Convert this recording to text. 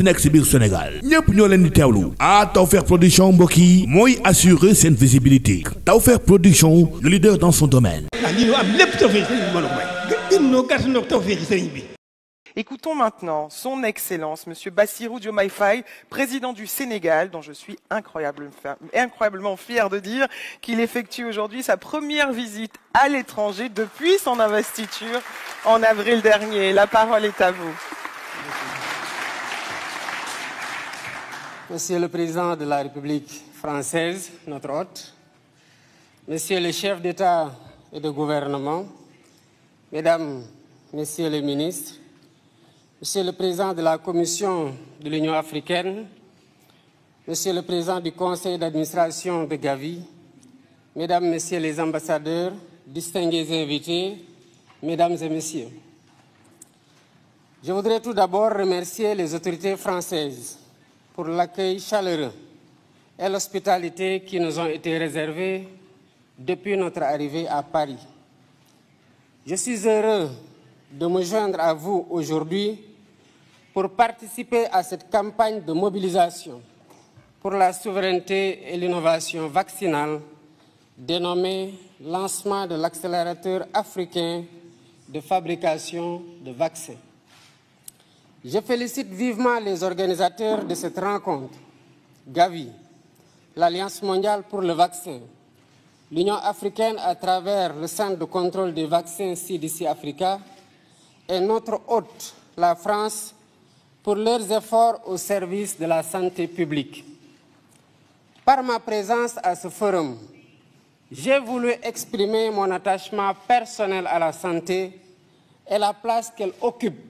munti nekk si biir le leader dans son domaine. ah lii ñu am lépp Tawfekh a may. gën ñoo gàtt ñoo Tawfekh sëriñ bi. Écoutons maintenant son Excellence, Monsieur Bassirou Diomaye Faye, président du Sénégal, dont je suis incroyable, incroyablement fier de dire qu'il effectue aujourd'hui sa première visite à l'étranger depuis son investiture en avril dernier. La parole est à vous. Monsieur le Président de la République française, notre hôte, Monsieur le chef d'État et de gouvernement, Mesdames, Messieurs les ministres, Monsieur le Président de la Commission de l'Union africaine, Monsieur le Président du Conseil d'administration de Gavi, Mesdames, Messieurs les ambassadeurs, distingués invités, Mesdames et Messieurs, je voudrais tout d'abord remercier les autorités françaises pour l'accueil chaleureux et l'hospitalité qui nous ont été réservés depuis notre arrivée à Paris. Je suis heureux de me joindre à vous aujourd'hui pour participer à cette campagne de mobilisation pour la souveraineté et l'innovation vaccinale dénommée lancement de l'accélérateur africain de fabrication de vaccins. Je félicite vivement les organisateurs de cette rencontre, Gavi, l'Alliance mondiale pour le vaccin, l'Union africaine à travers le Centre de contrôle des vaccins CDC Africa et notre hôte, la France, pour leurs efforts au service de la santé publique. Par ma présence à ce forum, j'ai voulu exprimer mon attachement personnel à la santé et la place qu'elle occupe